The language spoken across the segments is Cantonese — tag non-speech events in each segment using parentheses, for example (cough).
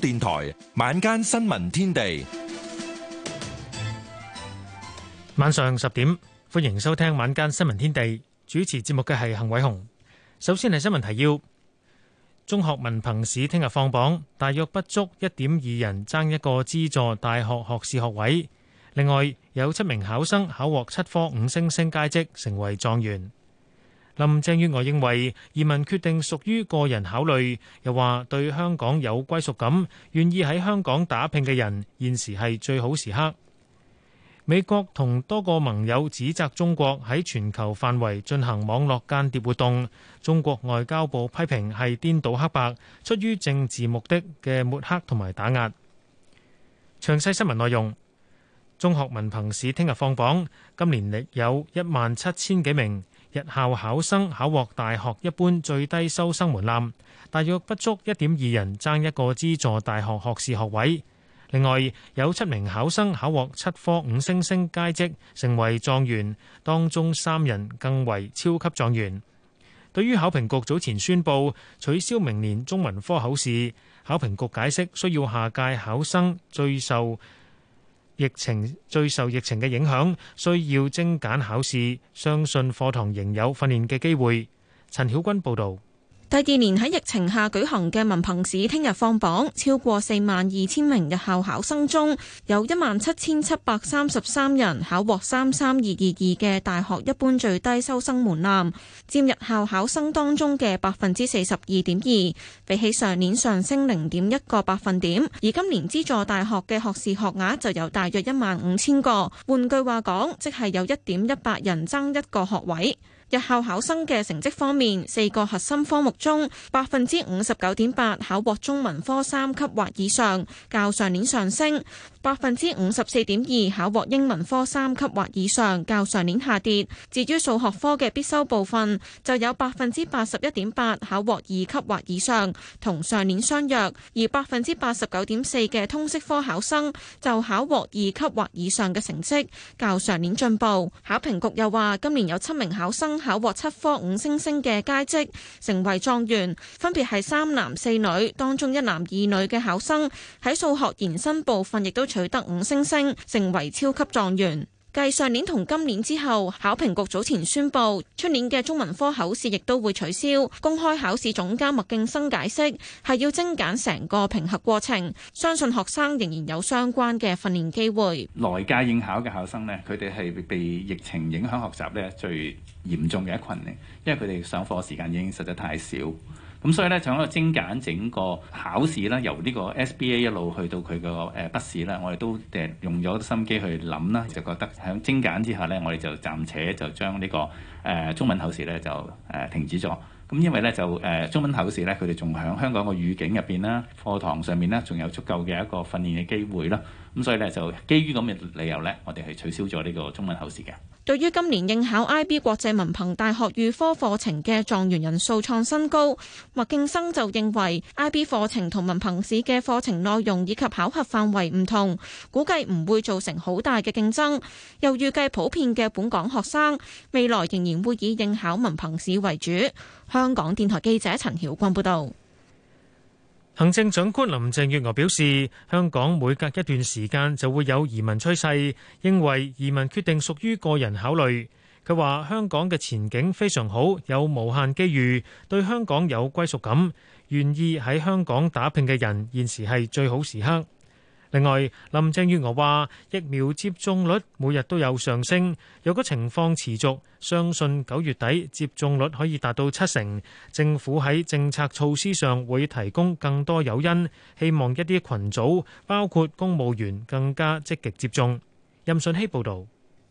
電台晚間新聞天地，晚上十點歡迎收聽晚間新聞天地。主持節目嘅係幸偉雄。首先係新聞提要：中學文憑試聽日放榜，大約不足一點二人爭一個資助大學學士學位。另外有七名考生考獲七科五星星佳績，成為狀元。林鄭月娥認為移民決定屬於個人考慮，又話對香港有歸屬感、願意喺香港打拼嘅人，現時係最好時刻。美國同多個盟友指責中國喺全球範圍進行網絡間諜活動，中國外交部批評係顛倒黑白、出於政治目的嘅抹黑同埋打壓。詳細新聞內容，中學文憑試聽日放榜，今年力有一萬七千幾名日校考生，考獲大學一般最低收生門檻，大約不足一點二人爭一個資助大學學士學位。另外有七名考生考獲七科五星星佳績，成為狀元，當中三人更為超級狀元。對於考評局早前宣布取消明年中文科考試，考評局解釋需要下屆考生最受，疫情最受疫情嘅影響，需要精簡考試，相信課堂仍有訓練嘅機會，陳曉君報道。第二年喺疫情下舉行嘅文憑試，聽日放榜，超過四萬二千名日校考生中，有一萬七千七百三十三人考獲三三二二二嘅大學一般最低收生門檻，佔日校考生當中嘅百分之四十二點二，比起上年上升零點一個百分點。而今年資助大學嘅學士學額就有大約一萬五千個，換句話講，即係有一點一百人爭一個學位。日校考生嘅成績方面，四個核心科目中，百分之五十九點八考獲中文科三級或以上，較上年上升；百分之五十四點二考獲英文科三級或以上，較上年下跌。至於數學科嘅必修部分，就有百分之八十一點八考獲二級或以上，同上年相若；而百分之八十九點四嘅通識科考生就考獲二級或以上嘅成績，較上年進步。考評局又話，今年有七名考生，考獲七科五星星嘅佳績，成為狀元。分別係三男四女，當中一男二女嘅考生，喺數學延伸部分亦都取得五星星，成為超級狀元。繼上年同今年之後，考評局早前宣布，出年嘅中文科考試亦都會取消。公開考試總監麥敬生解釋，係要精簡成個評核過程，相信學生仍然有相關嘅訓練機會。來屆應考嘅考生呢，佢哋係被疫情影響學習呢最嚴重嘅一群，因為佢哋上課時間已經實在太少。咁所以咧，喺度精簡整個考試啦。由呢個 SBA 一路去到佢個誒筆試咧，我哋都誒用咗心機去諗啦，就覺得喺精簡之下咧，我哋就暫且就將呢、這個誒、呃、中文考試咧就誒停止咗。咁因為咧就誒、呃、中文考試咧，佢哋仲喺香港個語境入邊啦，課堂上面咧仲有足夠嘅一個訓練嘅機會啦。咁所以咧就基於咁嘅理由呢，我哋係取消咗呢個中文口試嘅。對於今年應考 IB 國際文憑大學預科課程嘅狀元人數創新高，麥敬生就認為 IB 課程同文憑試嘅課程內容以及考核範圍唔同，估計唔會造成好大嘅競爭。又預計普遍嘅本港學生未來仍然會以應考文憑試為主。香港電台記者陳曉光報道。行政長官林鄭月娥表示，香港每隔一段時間就會有移民趨勢，認為移民決定屬於個人考慮。佢話香港嘅前景非常好，有無限機遇，對香港有歸屬感，願意喺香港打拼嘅人，現時係最好時刻。另外，林鄭月娥話：疫苗接種率每日都有上升，如果情況持續，相信九月底接種率可以達到七成。政府喺政策措施上會提供更多誘因，希望一啲群組，包括公務員，更加積極接種。任信希報導。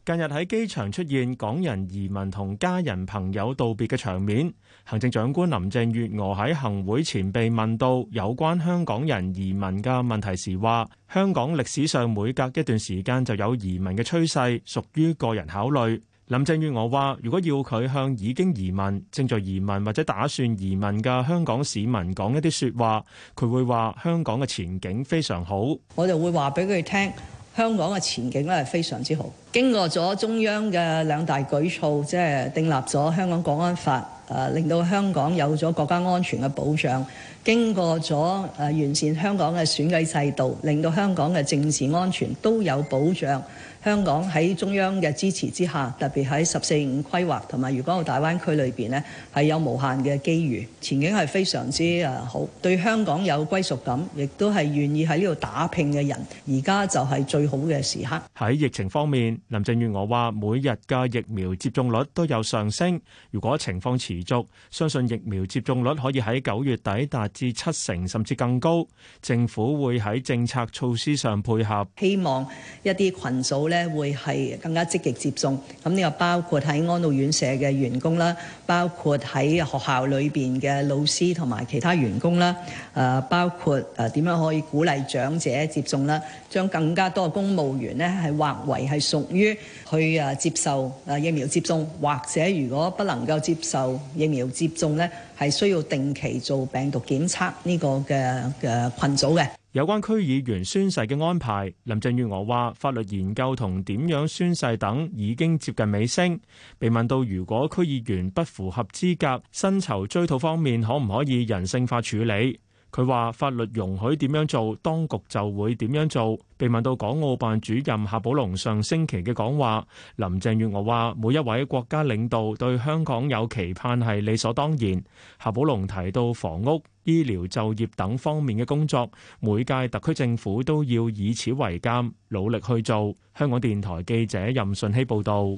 近日喺機場出現港人移民同家人朋友道別嘅場面，行政長官林鄭月娥喺行會前被問到有關香港人移民嘅問題時，話香港歷史上每隔一段時間就有移民嘅趨勢，屬於個人考慮。林鄭月娥話：如果要佢向已經移民、正在移民或者打算移民嘅香港市民講一啲説話，佢會話香港嘅前景非常好。我就會話俾佢聽。香港嘅前景咧係非常之好，經過咗中央嘅兩大舉措，即係訂立咗香港《國安法》呃，誒令到香港有咗國家安全嘅保障。經過咗誒、呃、完善香港嘅選舉制度，令到香港嘅政治安全都有保障。香港喺中央嘅支持之下，特別喺十四五規劃同埋粵港澳大灣區裏邊咧，係有無限嘅機遇，前景係非常之誒好。對香港有歸屬感，亦都係願意喺呢度打拼嘅人，而家就係最好嘅時刻。喺疫情方面，林鄭月娥話：每日嘅疫苗接種率都有上升，如果情況持續，相信疫苗接種率可以喺九月底達至七成甚至更高。政府會喺政策措施上配合，希望一啲羣組咧。咧會係更加積極接種，咁呢個包括喺安老院舍嘅員工啦，包括喺學校裏邊嘅老師同埋其他員工啦，誒包括誒點樣可以鼓勵長者接種啦，將更加多嘅公務員呢，係劃為係屬於去誒接受誒疫苗接種，或者如果不能夠接受疫苗接種呢。係需要定期做病毒檢測呢個嘅嘅羣組嘅。有關區議員宣誓嘅安排，林鄭月娥話法律研究同點樣宣誓等已經接近尾聲。被問到如果區議員不符合資格，薪酬追討方面可唔可以人性化處理？佢話：法律容許點樣做，當局就會點樣做。被問到港澳辦主任夏寶龍上星期嘅講話，林鄭月娥話：每一位國家領導對香港有期盼係理所當然。夏寶龍提到房屋、醫療、就業等方面嘅工作，每屆特區政府都要以此為鑑，努力去做。香港電台記者任順希報導。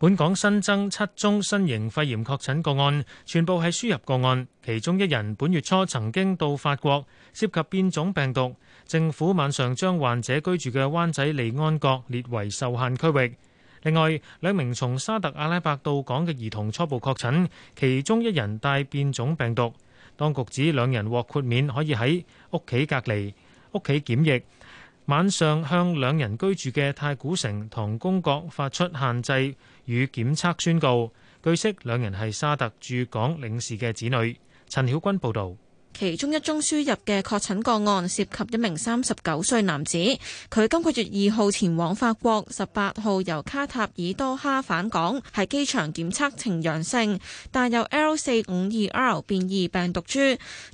本港新增七宗新型肺炎確診個案，全部係輸入個案，其中一人本月初曾經到法國，涉及變種病毒。政府晚上將患者居住嘅灣仔利安閣列為受限區域。另外，兩名從沙特阿拉伯到港嘅兒童初步確診，其中一人帶變種病毒。當局指兩人獲豁免，可以喺屋企隔離，屋企檢疫。晚上向兩人居住嘅太古城同公閣發出限制與檢測宣告，據悉兩人係沙特駐港領事嘅子女。陳曉君報導。其中一宗輸入嘅確診個案涉及一名三十九歲男子，佢今個月二號前往法國，十八號由卡塔爾多哈返港，喺機場檢測呈陽性，帶有 L 四五二 R 變異病毒株。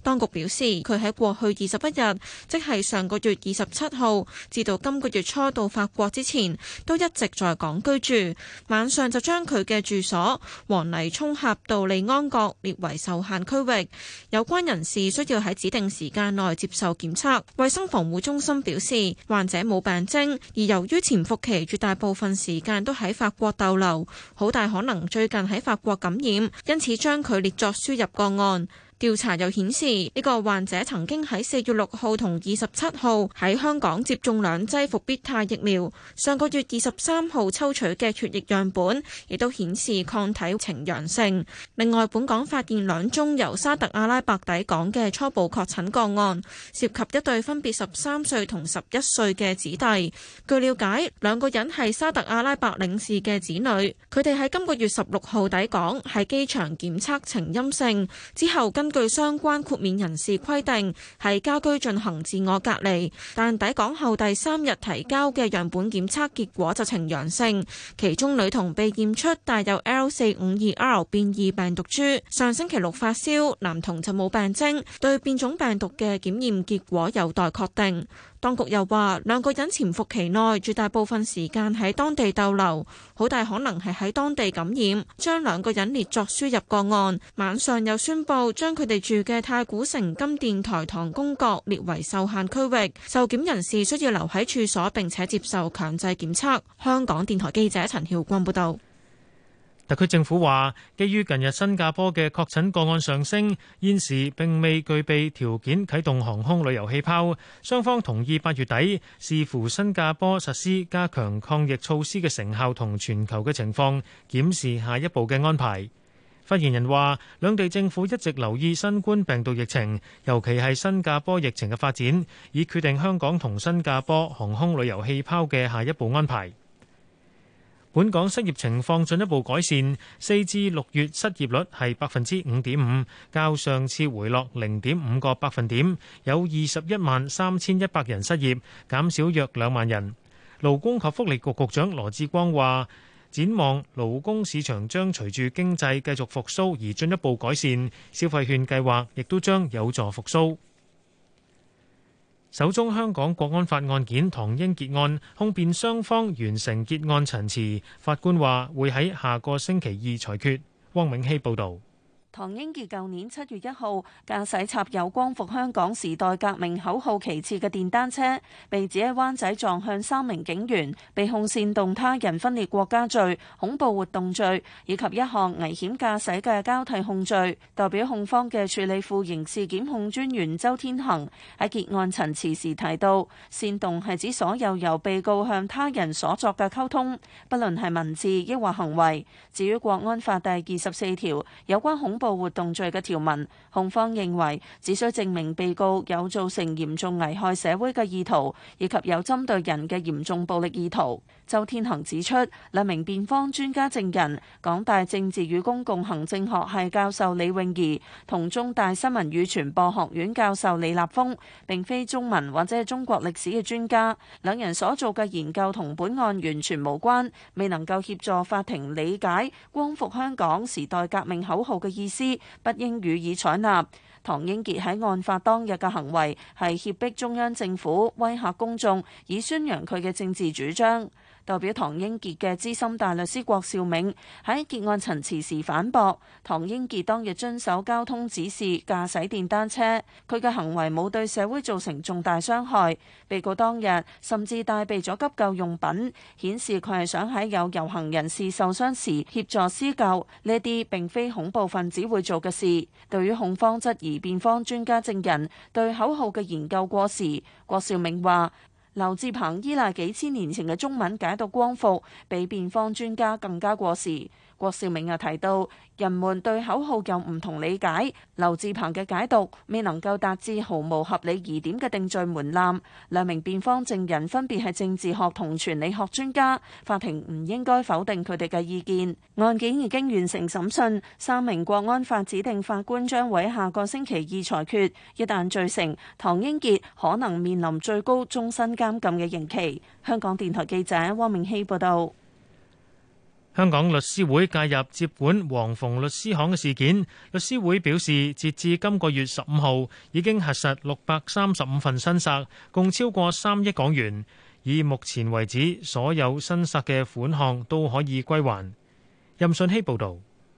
當局表示，佢喺過去二十一日，即係上個月二十七號至到今個月初到法國之前，都一直在港居住。晚上就將佢嘅住所黃泥涌峽道利安閣列為受限區域。有關人士需要喺指定時間內接受檢測。衛生防護中心表示，患者冇病徵，而由於潛伏期絕大部分時間都喺法國逗留，好大可能最近喺法國感染，因此將佢列作輸入個案。調查又顯示，呢、這個患者曾經喺四月六號同二十七號喺香港接種兩劑復必泰疫苗。上個月二十三號抽取嘅血液樣本亦都顯示抗體呈陽性。另外，本港發現兩宗由沙特阿拉伯抵港嘅初步確診個案，涉及一對分別十三歲同十一歲嘅子弟。據了解，兩個人係沙特阿拉伯領事嘅子女，佢哋喺今個月十六號抵港，喺機場檢測呈陰性，之後根據，據相關豁免人士規定，喺家居進行自我隔離，但抵港後第三日提交嘅樣本檢測結果就呈陽性，其中女童被驗出帶有 L 四五二 R 變異病毒株，上星期六發燒，男童就冇病徵，對變種病毒嘅檢驗結果有待確定。當局又話，兩個人潛伏期內絕大部分時間喺當地逗留，好大可能係喺當地感染，將兩個人列作輸入個案。晚上又宣布將佢哋住嘅太古城金殿台堂公閣列為受限區域，受檢人士需要留喺處所並且接受強制檢測。香港電台記者陳曉光報道。特區政府話，基於近日新加坡嘅確診個案上升，現時並未具備條件啟動航空旅遊氣泡。雙方同意八月底視乎新加坡實施加強抗疫措施嘅成效同全球嘅情況，檢視下一步嘅安排。發言人話，兩地政府一直留意新冠病毒疫情，尤其係新加坡疫情嘅發展，以決定香港同新加坡航空旅遊氣泡嘅下一步安排。本港失業情況進一步改善，四至六月失業率係百分之五點五，較上次回落零點五個百分點，有二十一萬三千一百人失業，減少約兩萬人。勞工及福利局局長羅致光話：展望勞工市場將隨住經濟繼續復甦而進一步改善，消費券計劃亦都將有助復甦。首宗香港國安法案件唐英傑案，控辯雙方完成結案陳詞，法官話會喺下個星期二裁決。汪永熙報道。唐英傑舊年七月一號駕駛插有光復香港時代革命口號旗幟嘅電單車，被指喺灣仔撞向三名警員，被控煽動他人分裂國家罪、恐怖活動罪以及一項危險駕駛嘅交替控罪。代表控方嘅處理副刑事檢控專員周天行喺結案陳詞時提到，煽動係指所有由被告向他人所作嘅溝通，不論係文字抑或行為。至於《國安法》第二十四條有關恐怖，個活動罪嘅條文。控方認為，只需證明被告有造成嚴重危害社會嘅意圖，以及有針對人嘅嚴重暴力意圖。周天行指出，兩名辯方專家證人，港大政治與公共行政學系教授李泳儀同中大新聞與傳播學院教授李立峰，並非中文或者係中國歷史嘅專家，兩人所做嘅研究同本案完全無關，未能夠協助法庭理解光復香港時代革命口號嘅意思，不應予以採。唐英傑喺案發當日嘅行為係脅迫中央政府、威嚇公眾，以宣揚佢嘅政治主張。代表唐英傑嘅資深大律師郭兆銘喺結案陳詞時反駁，唐英傑當日遵守交通指示駕駛電單車，佢嘅行為冇對社會造成重大傷害。被告當日甚至帶備咗急救用品，顯示佢係想喺有遊行人士受傷時協助施救。呢啲並非恐怖分子會做嘅事。對於控方質疑辯方專家證人對口號嘅研究過時，郭兆銘話。劉志鵬依賴幾千年前嘅中文解讀光復，比辯方專家更加過時。郭兆明又提到，人們對口號有唔同理解。劉志鵬嘅解讀未能夠達至毫無合理疑點嘅定罪門檻，兩名辯方證人分別係政治學同傳理學專家，法庭唔應該否定佢哋嘅意見。案件已經完成審訊，三名國安法指定法官將會下個星期二裁決，一旦罪成，唐英傑可能面臨最高終身監禁嘅刑期。香港電台記者汪明熙報道。香港律師會介入接管黃逢律師行嘅事件，律師會表示，截至今個月十五號，已經核實六百三十五份申索，共超過三億港元。以目前為止，所有申索嘅款項都可以歸還。任信希報道，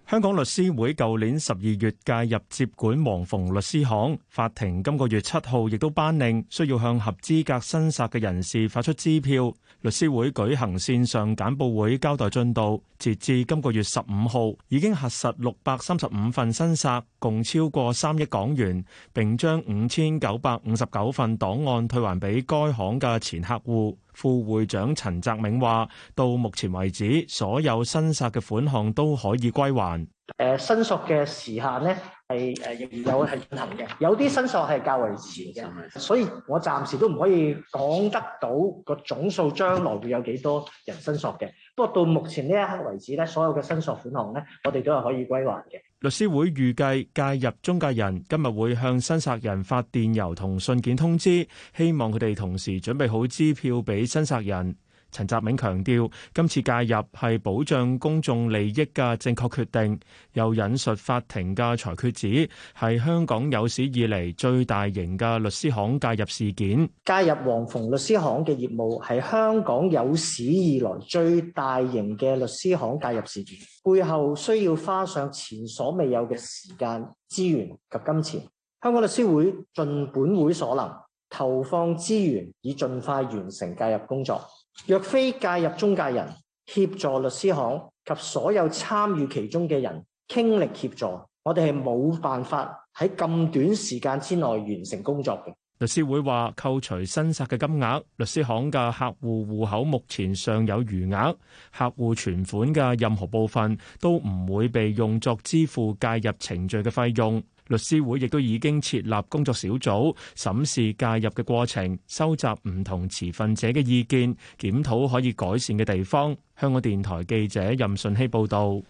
香港律師會舊年十二月介入接管黃逢律師行，法庭今個月七號亦都頒令，需要向合資格申索嘅人士發出支票。律師會舉行線上簡報會交代進度，截至今個月十五號，已經核實六百三十五份申索，共超過三億港元，並將五千九百五十九份檔案退還俾該行嘅前客戶。副會長陳澤銘話：到目前為止，所有申索嘅款項都可以歸還。誒、呃，申索嘅時限呢？係誒，有係進行嘅，有啲申索係較為遲嘅，所以我暫時都唔可以講得到個總數將來會有幾多人申索嘅。不過到目前呢一刻為止咧，所有嘅申索款項咧，我哋都係可以歸還嘅。律師會預計介入中介人今日會向申索人發電郵同信件通知，希望佢哋同時準備好支票俾申索人。陳澤明強調，今次介入係保障公眾利益嘅正確決定，又引述法庭嘅裁決指，指係香港有史以嚟最大型嘅律師行介入事件。介入黃馮律師行嘅業務係香港有史以來最大型嘅律，律，律師行介入事件，背後需要花上前所未有嘅時間、資源及金錢。香港律師會盡本會所能，投放資源以盡快完成介入工作。若非介入中介人協助律師行及所有參與其中嘅人傾力協助，我哋係冇辦法喺咁短時間之內完成工作嘅。律師會話扣除新殺嘅金額，律師行嘅客戶戶口目前尚有餘額，客戶存款嘅任何部分都唔會被用作支付介入程序嘅費用。律師會亦都已經設立工作小組，審視介入嘅過程，收集唔同持份者嘅意見，檢討可以改善嘅地方。香港電台記者任順希報道。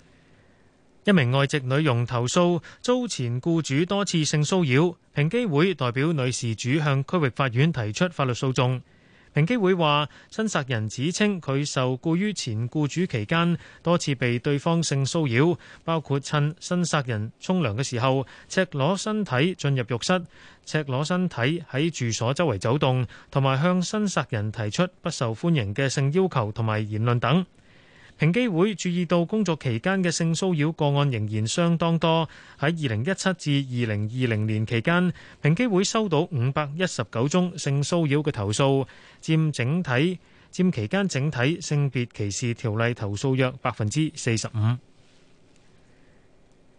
一名外籍女傭投訴遭前僱主多次性騷擾，平機會代表女事主向區域法院提出法律訴訟。平機會話：申訴人指稱佢受雇於前雇主期間，多次被對方性騷擾，包括趁申訴人沖涼嘅時候赤裸身體進入浴室、赤裸身體喺住所周圍走動，同埋向申訴人提出不受歡迎嘅性要求同埋言論等。平機會注意到工作期間嘅性騷擾個案仍然相當多，喺二零一七至二零二零年期間，平機會收到五百一十九宗性騷擾嘅投訴，佔整體佔期間整體性別歧視條例投訴約百分之四十五。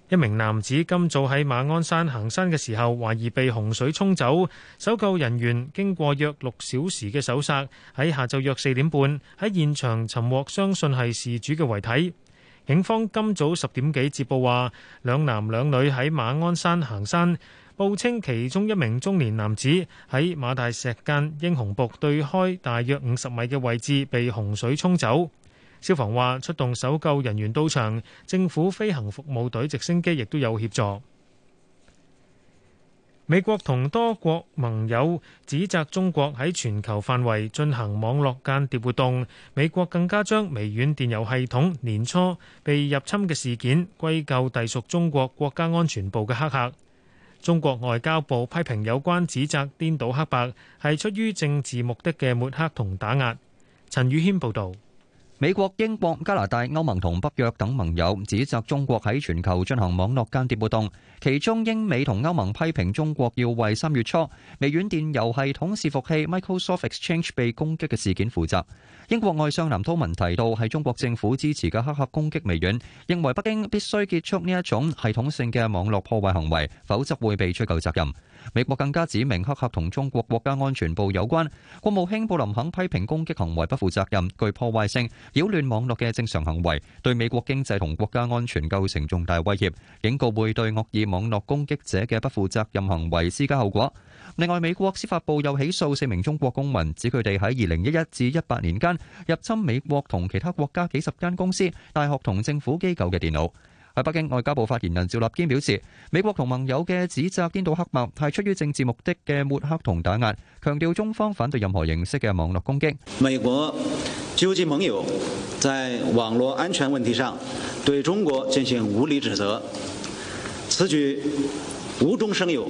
一名男子今早喺馬鞍山行山嘅時候，懷疑被洪水沖走。搜救人員經過約六小時嘅搜索，喺下晝約四點半喺現場尋獲，相信係事主嘅遺體。警方今早十點幾接報話，兩男兩女喺馬鞍山行山，報稱其中一名中年男子喺馬大石澗英雄瀑對開大約五十米嘅位置被洪水沖走。消防話出動搜救人員到場，政府飛行服務隊直升機亦都有協助。美國同多國盟友指責中國喺全球範圍進行網絡間諜活動。美國更加將微軟電郵系統年初被入侵嘅事件歸咎隸屬中國國家安全部嘅黑客。中國外交部批評有關指責顛倒黑白，係出於政治目的嘅抹黑同打壓。陳宇軒報導。美國、英國、加拿大、歐盟同北約等盟友指責中國喺全球進行網絡間諜活動，其中英美同歐盟批評中國要為三月初微軟電郵系統伺服器 Microsoft Exchange 被攻擊嘅事件負責。英國外相藍韜文提到，係中國政府支持嘅黑客攻擊微軟，認為北京必須結束呢一種系統性嘅網絡破壞行為，否則會被追究責任。美國更加指明黑客同中國國家安全部有關。國務卿布林肯批評攻擊行為不負責任、具破壞性、擾亂網絡嘅正常行為，對美國經濟同國家安全構成重大威脅，警告會對惡意網絡攻擊者嘅不負責任行為施加後果。另外，美國司法部又起訴四名中國公民，指佢哋喺二零一一至一八年間入侵美國同其他國家幾十間公司、大學同政府機構嘅電腦。喺北京，外交部發言人趙立堅表示，美國同盟友嘅指責顛倒黑幕，係出於政治目的嘅抹黑同打壓，強調中方反對任何形式嘅網絡攻擊。美國糾集盟友在網絡安全問題上對中國進行無理指責，此舉無中生有。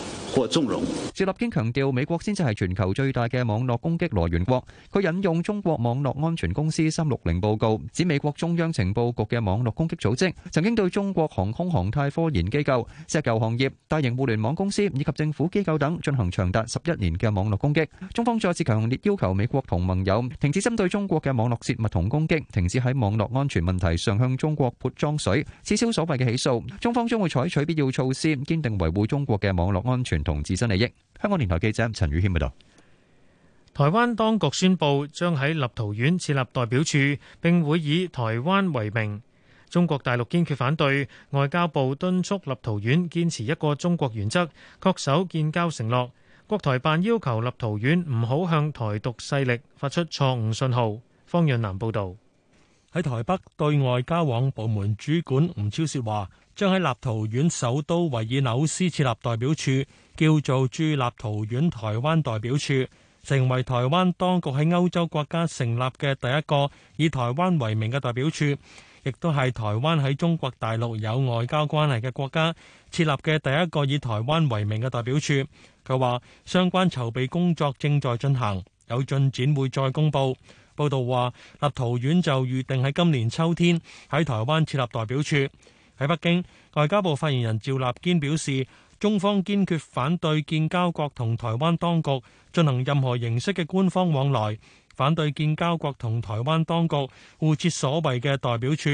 或縱容。趙立堅強調，美國先至係全球最大嘅網絡攻擊來源國。佢引用中國網絡安全公司三六零報告，指美國中央情報局嘅網絡攻擊組織，曾經對中國航空航太科研機構、石油行業、大型互聯網公司以及政府機構等進行長達十一年嘅網絡攻擊。中方再次強烈要求美國同盟友停止針對中國嘅網絡竊密同攻擊，停止喺網絡安全問題上向中國潑髒水，撤銷所謂嘅起訴。中方將會採取必要措施，堅定維護中國嘅網絡安全。同自身利益。香港電台記者陳宇謙報道：台灣當局宣佈將喺立陶宛設立代表處，並會以台灣為名。中國大陸堅決反對，外交部敦促立陶宛堅持一個中國原則，恪守建交承諾。國台辦要求立陶宛唔好向台獨勢力發出錯誤信號。方潤南報道。喺台北對外交往部門主管吳釗燮說：話將喺立陶宛首都維爾紐斯設立代表處，叫做駐立陶宛台灣代表處，成為台灣當局喺歐洲國家成立嘅第一個以台灣為名嘅代表處，亦都係台灣喺中國大陸有外交關係嘅國家設立嘅第一個以台灣為名嘅代表處。佢話相關籌備工作正在進行，有進展會再公佈。報道話，立陶宛就預定喺今年秋天喺台灣設立代表處。喺北京，外交部發言人趙立堅表示，中方堅決反對建交國同台灣當局進行任何形式嘅官方往來，反對建交國同台灣當局互設所謂嘅代表處。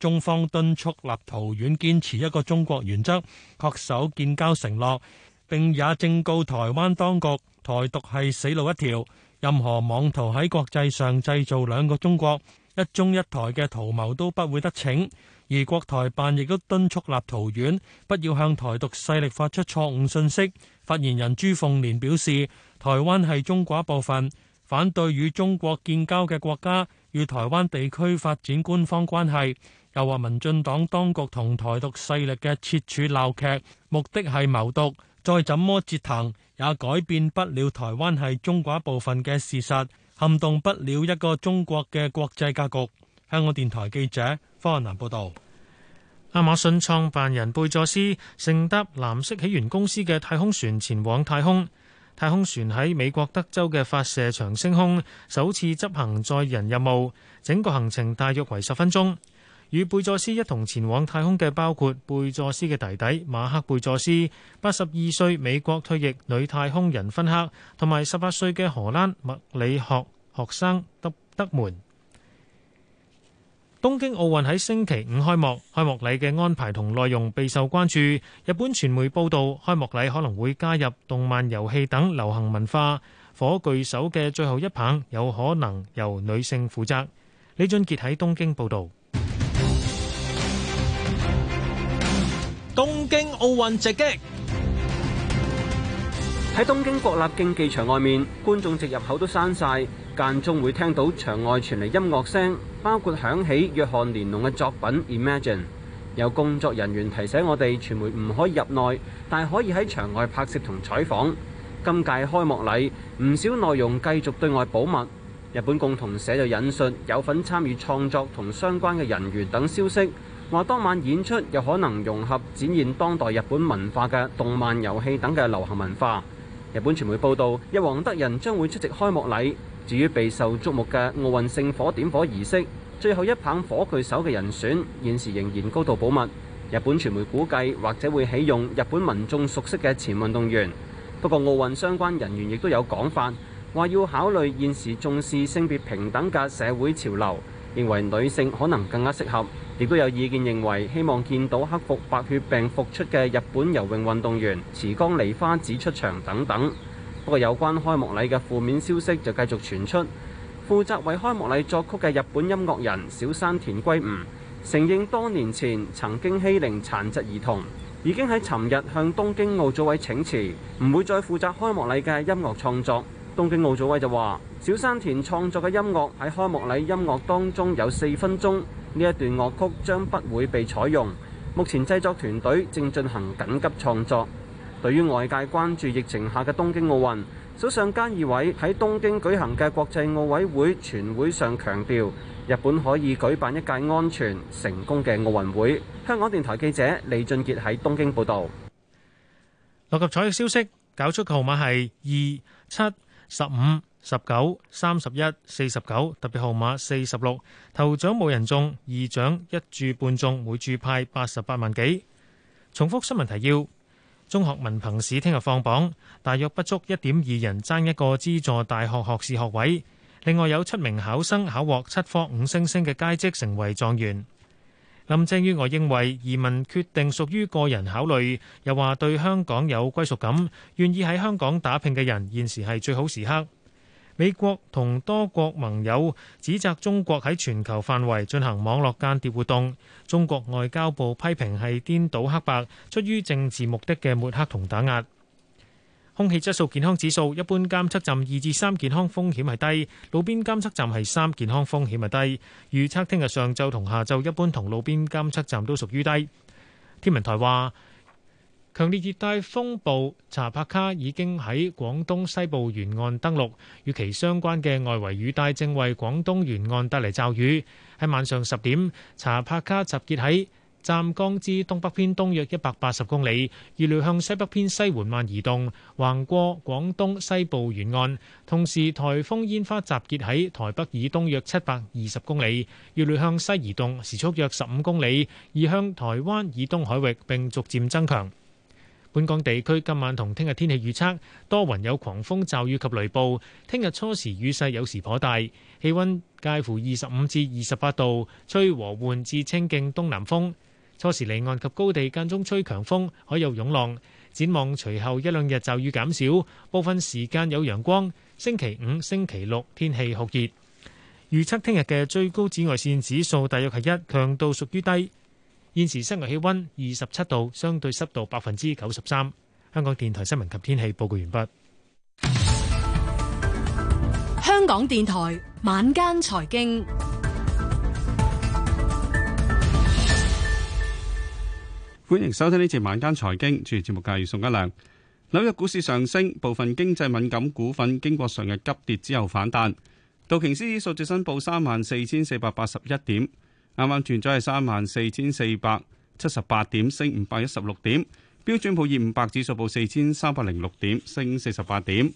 中方敦促立陶宛堅持一個中國原則，恪守建交承諾，並也正告台灣當局，台獨係死路一條。任何妄圖喺國際上製造兩個中國、一中一台嘅圖謀都不會得逞，而國台辦亦都敦促立陶宛不要向台獨勢力發出錯誤信息。發言人朱鳳蓮表示，台灣係中國一部分，反對與中國建交嘅國家與台灣地區發展官方關係。又話民進黨當局同台獨勢力嘅設處鬧劇，目的係謀獨。再怎麼折騰也改變不了台灣係中國一部分嘅事實，撼動不了一個中國嘅國際格局。香港電台記者方雲南報道。亞馬遜創辦人貝佐斯乘搭藍色起源公司嘅太空船前往太空，太空船喺美國德州嘅發射場升空，首次執行載人任務，整個行程大約為十分鐘。與貝佐斯一同前往太空嘅，包括貝佐斯嘅弟弟馬克貝佐斯，八十二歲美國退役女太空人芬克，同埋十八歲嘅荷蘭物理學學生德德門。東京奧運喺星期五開幕，開幕禮嘅安排同內容備受關注。日本傳媒報道，開幕禮可能會加入動漫、遊戲等流行文化。火炬手嘅最後一棒有可能由女性負責。李俊杰喺東京報道。東京奧運直擊，喺東京國立競技場外面，觀眾直入口都閂晒，間中會聽到場外傳嚟音樂聲，包括響起約翰連農嘅作品《Imagine》。有工作人員提醒我哋，傳媒唔可以入內，但可以喺場外拍攝同採訪。今屆開幕禮唔少內容繼續對外保密。日本共同社就引述有份參與創作同相關嘅人員等消息。話當晚演出有可能融合展現當代日本文化嘅動漫、遊戲等嘅流行文化。日本傳媒報道，日皇德仁將會出席開幕禮。至於備受觸目嘅奧運聖火點火儀式，最後一棒火炬手嘅人選現時仍然高度保密。日本傳媒估計或者會起用日本民眾熟悉嘅前運動員。不過奧運相關人員亦都有講法，話要考慮現時重視性別平等嘅社會潮流，認為女性可能更加適合。亦都有意見認為，希望見到克服白血病復出嘅日本游泳運動員池江璃花子出場等等。不過有關開幕禮嘅負面消息就繼續傳出，負責為開幕禮作曲嘅日本音樂人小山田圭吾承認多年前曾經欺凌殘疾兒童，已經喺尋日向東京奧組委請辭，唔會再負責開幕禮嘅音樂創作。東京奧組委就話，小山田創作嘅音樂喺開幕禮音樂當中有四分鐘。呢一段樂曲將不會被採用。目前製作團隊正進行緊急創作。對於外界關注疫情下嘅東京奧運，首相菅義偉喺東京舉行嘅國際奧委會全會上強調，日本可以舉辦一屆安全成功嘅奧運會。香港電台記者李俊傑喺東京報導。六合彩嘅消息，攪出嘅號碼係二七十五。十九、三十一、四十九，特別號碼四十六。頭獎冇人中，二獎一注半中，每注派八十八萬幾。重複新聞提要：中學文憑試聽日放榜，大約不足一點二人爭一個資助大學學士學位。另外有七名考生考獲七科五星星嘅佳績，成為狀元。林鄭月娥認為移民決定屬於個人考慮，又話對香港有歸屬感，願意喺香港打拼嘅人，現時係最好時刻。美國同多國盟友指責中國喺全球範圍進行網絡間諜活動。中國外交部批評係顛倒黑白，出於政治目的嘅抹黑同打壓。空氣質素健康指數，一般監測站二至三健康風險係低，路邊監測站係三健康風險係低。預測聽日上晝同下晝一般同路邊監測站都屬於低。天文台話，強烈熱帶風暴查帕卡已經喺廣東西部沿岸登陸，與其相關嘅外圍雨帶正為廣東沿岸帶嚟驟雨。喺晚上十點，查帕卡集結喺湛江至東北偏東約一百八十公里，預料向西北偏西緩慢移動，橫過廣東西部沿岸。同時，颱風煙花集結喺台北以東約七百二十公里，預料向西移動，時速約十五公里，移向台灣以東海域並逐漸增強。本港地區今晚同聽日天氣預測，多雲有狂風驟雨及雷暴，聽日初時雨勢有時頗大，氣溫介乎二十五至二十八度，吹和緩至清勁東南風。初時離岸及高地間中吹強風，海有湧浪。展望隨後一兩日驟雨減少，部分時間有陽光。星期五、星期六天氣酷熱。預測聽日嘅最高紫外線指數大約係一，強度屬於低。現時室外氣溫二十七度，相對濕度百分之九十三。香港電台新聞及天氣報告完畢。香港電台晚間財經，歡迎收聽呢次晚間財經。主持節目嘅係宋家良。紐約股市上升，部分經濟敏感股份經過上日急跌之後反彈。道瓊斯指數最新報三萬四千四百八十一點。啱啱斷咗係三萬四千四百七十八點，升五百一十六點。標準普爾五百指數報四千三百零六點，升四十八點。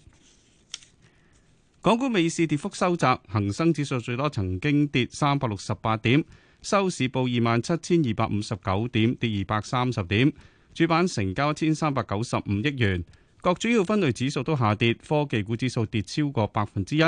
港股尾市跌幅收窄，恒生指數最多曾經跌三百六十八點，收市報二萬七千二百五十九點，跌二百三十點。主板成交一千三百九十五億元，各主要分類指數都下跌，科技股指數跌超過百分之一。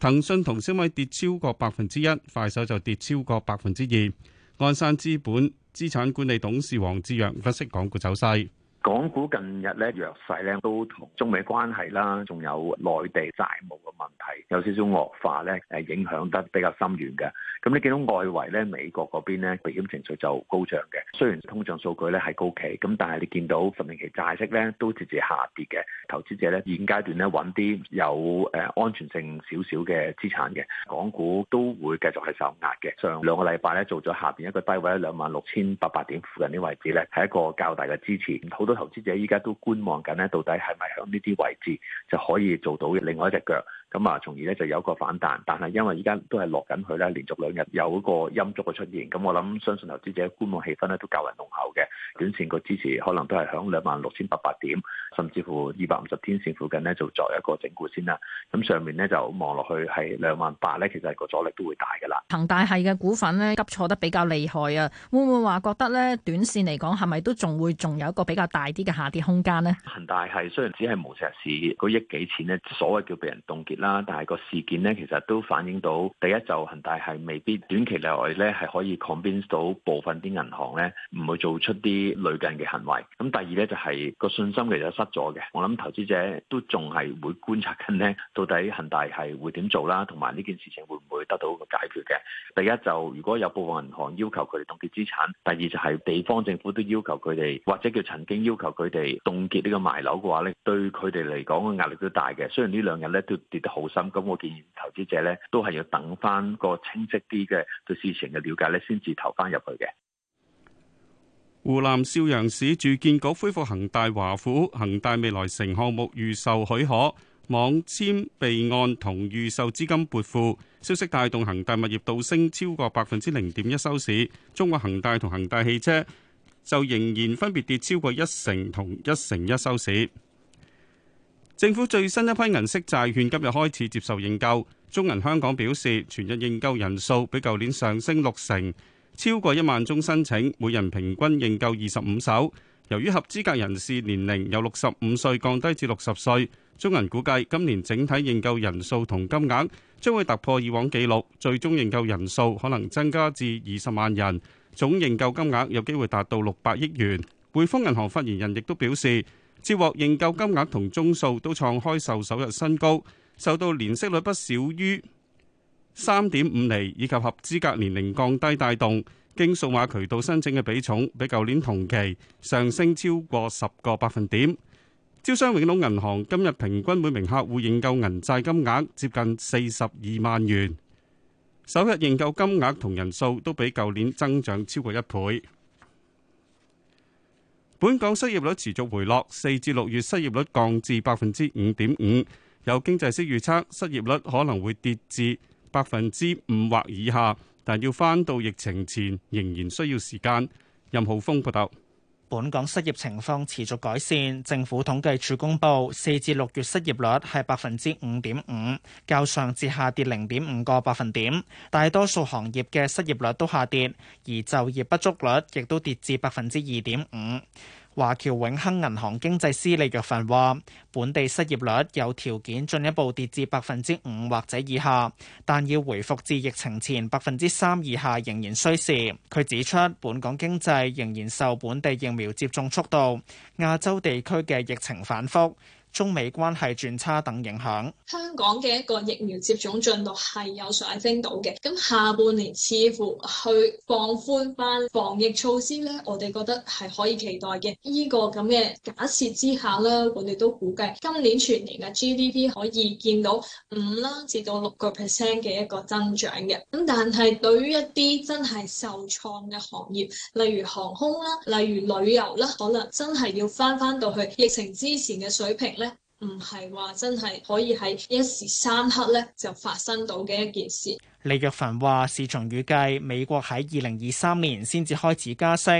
騰訊同小米跌超過百分之一，快手就跌超過百分之二。鞍山資本資產管理董事王志陽分析港股走勢。港股近日咧弱勢咧，都同中美關係啦，仲有內地債務嘅問題有少少惡化咧，誒影響得比較深遠嘅。咁你見到外圍咧，美國嗰邊咧避險情緒就高漲嘅。雖然通脹數據咧係高企，咁但係你見到十年期債息咧都直接下跌嘅。投資者咧現階段咧揾啲有誒安全性少少嘅資產嘅，港股都會繼續係受壓嘅。上兩個禮拜咧做咗下邊一個低位喺兩萬六千八百點附近啲位置咧，係一個較大嘅支持，好多。投資者依家都觀望緊咧，到底係咪喺呢啲位置就可以做到另外一隻腳？咁啊，從而咧就有一個反彈，但係因為依家都係落緊佢咧，連續兩日有一個陰燭嘅出現，咁我諗相信投資者觀望氣氛咧都較為濃厚嘅。短線個支持可能都係喺兩萬六千八百點，甚至乎二百五十天線附近呢，就作一個整固先啦。咁上面呢就望落去係兩萬八咧，其實個阻力都會大㗎喇。恒大系嘅股份呢，急挫得比較厲害啊，會唔會話覺得呢？短線嚟講係咪都仲會仲有一個比較大啲嘅下跌空間呢？恒大系雖然只係無錫市，嗰億幾錢呢，所謂叫被人凍結啦，但係個事件咧，其實都反映到第一就恒大係未必短期內咧係可以 convince 到部分啲銀行咧唔會做出啲類近嘅行為。咁第二咧就係個信心其實失咗嘅。我諗投資者都仲係會觀察緊呢，到底恒大係會點做啦，同埋呢件事情會唔會得到個解決嘅？第一就如果有部分銀行要求佢哋凍結資產，第二就係地方政府都要求佢哋或者叫曾經要求佢哋凍結呢個賣樓嘅話咧，對佢哋嚟講嘅壓力都大嘅。雖然呢兩日咧都跌得。好心，咁我建議投資者呢都係要等翻個清晰啲嘅對事情嘅了解呢先至投翻入去嘅。湖南邵陽市住建局恢復恒大華府、恒大未來城項目預售許可、網簽備案同預售資金撥付消息帶動恒大物業倒升超過百分之零點一收市，中國恒大同恒大汽車就仍然分別跌超過一成同一成一收市。政府最新一批銀色債券今日開始接受認購，中銀香港表示，全日認購人數比舊年上升六成，超過一萬宗申請，每人平均認購二十五手。由於合資格人士年齡由六十五歲降低至六十歲，中銀估計今年整體認購人數同金額將會突破以往紀錄，最終認購人數可能增加至二十萬人，總認購金額有機會達到六百億元。匯豐銀行發言人亦都表示。接獲認購金額同宗數都創開售首日新高，受到年息率不少於三點五厘以及合資格年齡降低帶動，經數碼渠道申請嘅比重比舊年同期上升超過十個百分點。招商永隆銀行今日平均每名客戶認購銀債金額接近四十二萬元，首日認購金額同人數都比舊年增長超過一倍。本港失業率持續回落，四至六月失業率降至百分之五點五。有經濟師預測失業率可能會跌至百分之五或以下，但要返到疫情前仍然需要時間。任浩峰報道。本港失業情況持續改善，政府統計處公布四至六月失業率係百分之五點五，較上季下跌零點五個百分點。大多數行業嘅失業率都下跌，而就業不足率亦都跌至百分之二點五。華僑永亨銀行經濟師李若凡話，本地失業率有條件進一步跌至百分之五或者以下，但要回復至疫情前百分之三以下仍然需時。佢指出，本港經濟仍然受本地疫苗接種速度、亞洲地區嘅疫情反覆、中美關係轉差等影響，香港嘅一個疫苗接種進度係有上升到嘅。咁下半年似乎去放寬翻防疫措施咧，我哋覺得係可以期待嘅。呢個咁嘅假設之下咧，我哋都估計今年全年嘅 GDP 可以見到五啦至到六個 percent 嘅一個增長嘅。咁但係對於一啲真係受創嘅行業，例如航空啦，例如旅遊啦，可能真係要翻翻到去疫情之前嘅水平。唔係話真係可以喺一時三刻咧就發生到嘅一件事。李若凡話，市場預計美國喺二零二三年先至開始加息，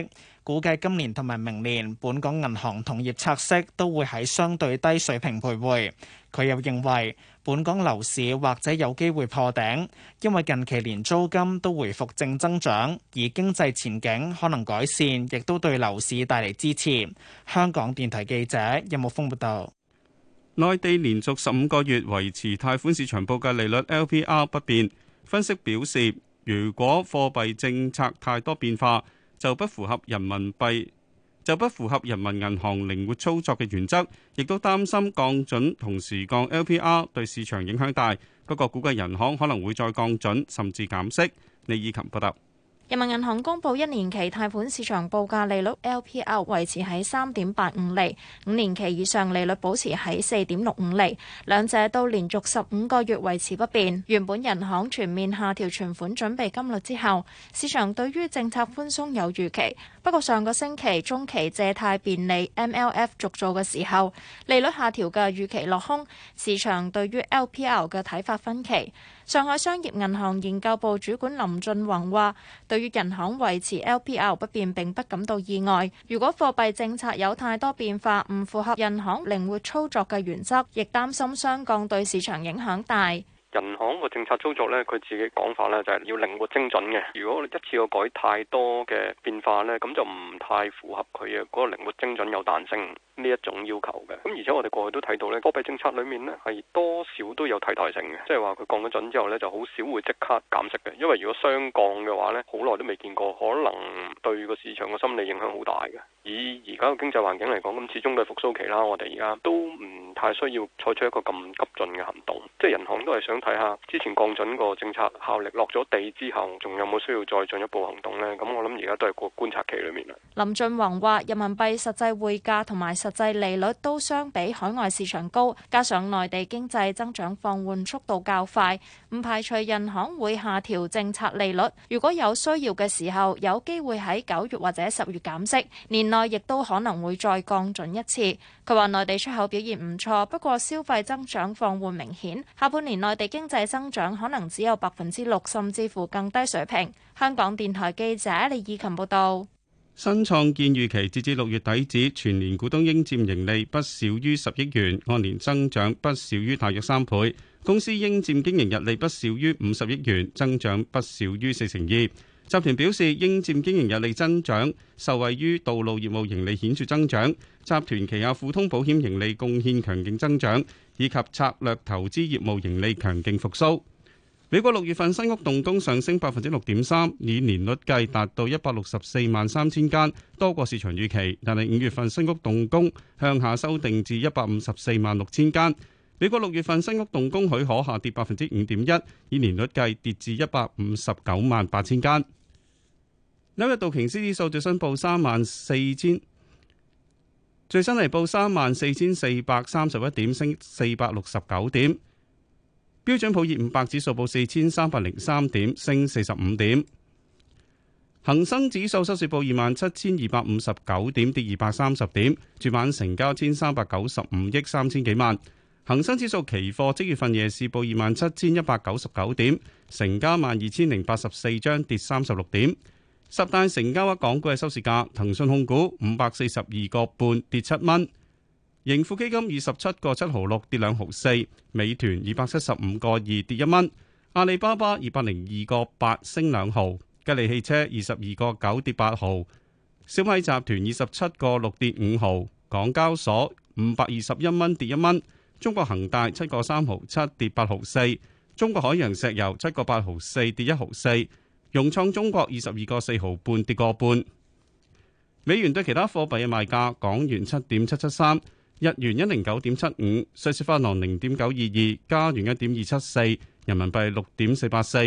估計今年同埋明年，本港銀行同業拆息都會喺相對低水平徘徊。佢又認為，本港樓市或者有機會破頂，因為近期連租金都回復正增長，而經濟前景可能改善，亦都對樓市帶嚟支持。香港電台記者任木峰報道。內地連續十五個月維持貸款市場報價利率 LPR 不變。分析表示，如果貨幣政策太多變化，就不符合人民幣就不符合人民銀行靈活操作嘅原則，亦都擔心降準同時降 LPR 對市場影響大。不過，估計人行可能會再降準，甚至減息。李以琴報道。人民銀行公布一年期貸款市場報價利率 LPR 維持喺三點八五厘，五年期以上利率保持喺四點六五厘。兩者都連續十五個月維持不變。原本人行全面下調存款準備金率之後，市場對於政策寬鬆有預期，不過上個星期中期借貸便利 MLF 續做嘅時候，利率下調嘅預期落空，市場對於 LPR 嘅睇法分歧。上海商業銀行研究部主管林俊宏話，對於銀行維持 LPR 不變並不感到意外。如果貨幣政策有太多變化，唔符合銀行靈活操作嘅原則，亦擔心雙降對市場影響大。銀行個政策操作咧，佢自己講法咧就係要靈活精準嘅。如果一次過改太多嘅變化咧，咁就唔太符合佢嘅嗰個靈活精準有彈性。呢一種要求嘅，咁、啊、而且我哋過去都睇到呢貨幣政策裏面呢係多少都有替代性嘅，即係話佢降咗準之後呢，就好少會即刻減息嘅，因為如果雙降嘅話呢好耐都未見過，可能對個市場個心理影響好大嘅。以而家個經濟環境嚟講，咁始終都係復甦期啦，我哋而家都唔太需要採取一個咁急進嘅行動，即係銀行都係想睇下之前降準個政策效力落咗地之後，仲有冇需要再進一步行動呢。咁我諗而家都係個觀察期裏面。林俊宏話，人民幣實際匯價同埋。實際利率都相比海外市場高，加上內地經濟增長放緩速度較快，唔排除人行會下調政策利率。如果有需要嘅時候，有機會喺九月或者十月減息，年內亦都可能會再降準一次。佢話內地出口表現唔錯，不過消費增長放緩明顯，下半年內地經濟增長可能只有百分之六，甚至乎更低水平。香港電台記者李以琴報道。新創建預期截至六月底止，全年股東應佔盈利不少於十億元，按年增長不少於大約三倍。公司應佔經營溢利不少於五十億元，增長不少於四成二。集團表示，應佔經營溢利增長受惠於道路業務盈利顯著增長，集團旗下富通保險盈利貢獻強勁增長，以及策略投資業務盈利強勁復甦。美國六月份新屋動工上升百分之六點三，以年率計達到一百六十四萬三千間，多過市場預期。但係五月份新屋動工向下修訂至一百五十四萬六千間。美國六月份新屋動工許可下跌百分之五點一，以年率計跌至一百五十九萬八千間。今日道瓊斯指數最新報三萬四千，最新嚟報三萬四千四百三十一點，升四百六十九點。標準普爾五百指數報四千三百零三點，升四十五點。恒生指數收市報二萬七千二百五十九點，跌二百三十點。主板成交千三百九十五億三千幾萬。恒生指數期貨即月份夜市報二萬七千一百九十九點，成交萬二千零八十四張，跌三十六點。十大成交額港股嘅收市價，騰訊控股五百四十二個半，跌七蚊。盈富基金二十七個七毫六跌兩毫四，美團二百七十五個二跌一蚊，阿里巴巴二百零二個八升兩毫，吉利汽車二十二個九跌八毫，小米集團二十七個六跌五毫，港交所五百二十一蚊跌一蚊，中國恒大七個三毫七跌八毫四，中國海洋石油七個八毫四跌一毫四，融創中國二十二個四毫半跌個半，美元對其他貨幣嘅賣價，港元七點七七三。日元一零九點七五，瑞士法郎零點九二二，加元一點二七四，人民幣六點四八四，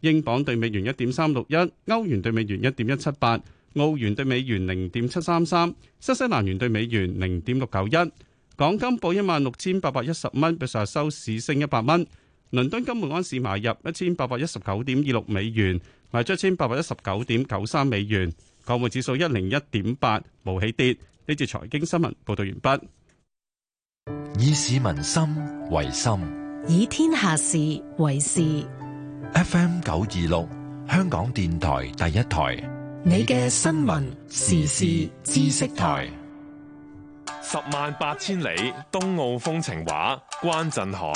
英鎊兌美元一點三六一，歐元兌美元一點一七八，澳元兌美元零點七三三，新西蘭元兌美元零點六九一。港金報一萬六千八百一十蚊，比上日收市升一百蚊。倫敦金每盎司買入一千八百一十九點二六美元，賣出一千八百一十九點九三美元。港匯指數一零一點八，冇起跌。呢節財經新聞報道完畢。以市民心為心，以天下事為事。FM 九二六，香港電台第一台，你嘅新聞時事知識台，十萬八千里東澳風情畫，關震海。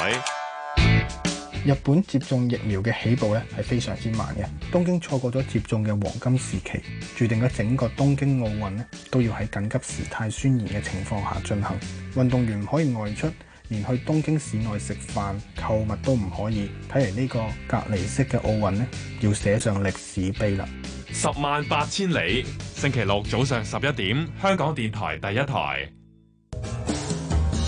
日本接種疫苗嘅起步咧係非常之慢嘅，東京錯過咗接種嘅黃金時期，注定咗整個東京奧運咧都要喺緊急事態宣言嘅情況下進行，運動員唔可以外出，連去東京市外食飯、購物都唔可以，睇嚟呢個隔離式嘅奧運呢，要寫上歷史碑啦。十萬八千里，星期六早上十一點，香港電台第一台。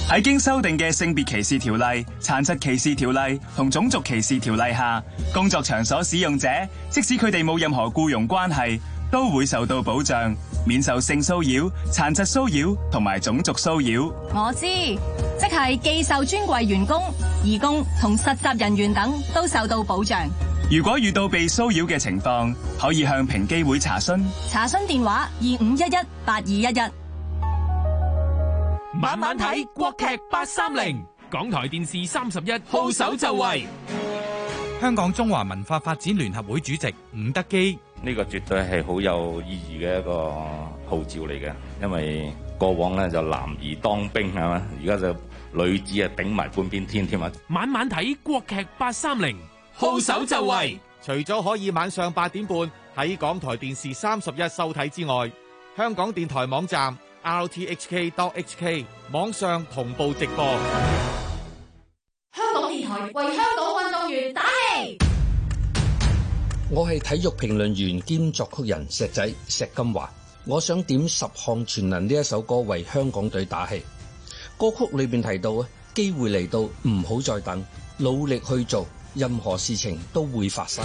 喺經修訂嘅性別歧視條例、殘疾歧視條例同種族歧視條例下，工作場所使用者即使佢哋冇任何僱傭關係，都會受到保障，免受性騷擾、殘疾騷擾同埋種族騷擾。我知，即係寄售專櫃員工、義工同實習人員等都受到保障。如果遇到被騷擾嘅情況，可以向平機會查詢。查詢電話：二五一一八二一一。晚晚睇國劇八三零，港台電視三十一，號手就位。香港中華文化發展聯合會主席伍德基，呢個絕對係好有意義嘅一個號召嚟嘅，因為過往呢就男兒當兵係嘛，而家就女子啊頂埋半邊天添啊。晚晚睇國劇八三零，號手就位。除咗可以晚上八點半喺港台電視三十一收睇之外，香港電台網站。rthk.hk 網上同步直播。香港電台為香港運動員打氣。我係體育評論員兼作曲人石仔石金華。我想點十項全能呢一首歌為香港隊打氣。歌曲裏邊提到啊，機會嚟到，唔好再等，努力去做任何事情都會發生。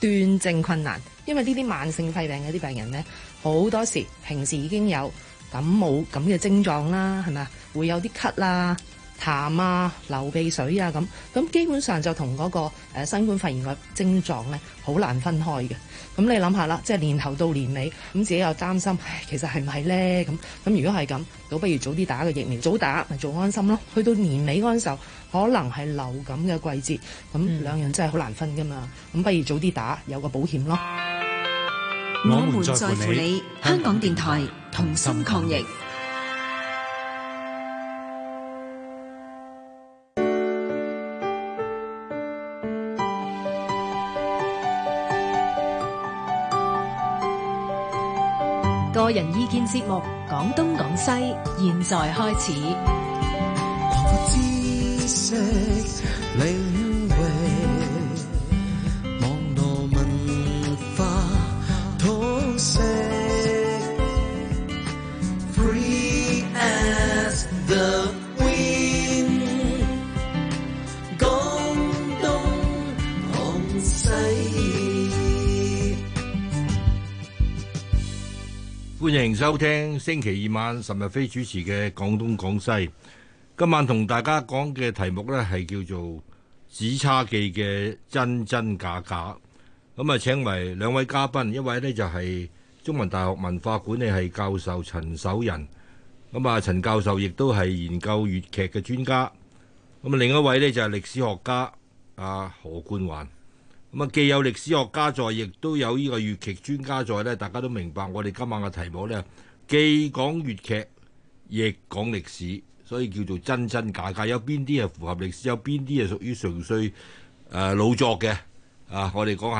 斷症困難，因為呢啲慢性肺病嘅啲病人呢，好多時平時已經有感冒咁嘅症狀啦，係咪？會有啲咳啦、啊、痰啊、流鼻水啊咁，咁基本上就同嗰個誒新冠肺炎嘅症狀呢，好難分開嘅。咁你諗下啦，即係年頭到年尾，咁自己又擔心，其實係唔係咧？咁咁如果係咁，倒不如早啲打個疫苗，早打咪早安心咯。去到年尾嗰陣時候，可能係流感嘅季節，咁、嗯、兩樣真係好難分㗎嘛。咁不如早啲打，有個保險咯。我們在乎你，香港電台同心抗疫。個人意見節目，講東講西，現在開始。 (music) 收聽星期二晚岑日飛主持嘅《廣東廣西》，今晚同大家講嘅題目呢，係叫做《紫釵記》嘅真真假假。咁啊，請嚟兩位嘉賓，一位呢，就係中文大學文化管理系教授陳守仁，咁啊陳教授亦都係研究粵劇嘅專家。咁啊，另一位呢，就係歷史學家啊，何冠環。咁啊，既有歷史學家在，亦都有呢個粵劇專家在咧，大家都明白。我哋今晚嘅題目咧，既講粵劇，亦講歷史，所以叫做真真假假。有邊啲係符合歷史？有邊啲係屬於純粹誒、呃、老作嘅？啊，我哋講下。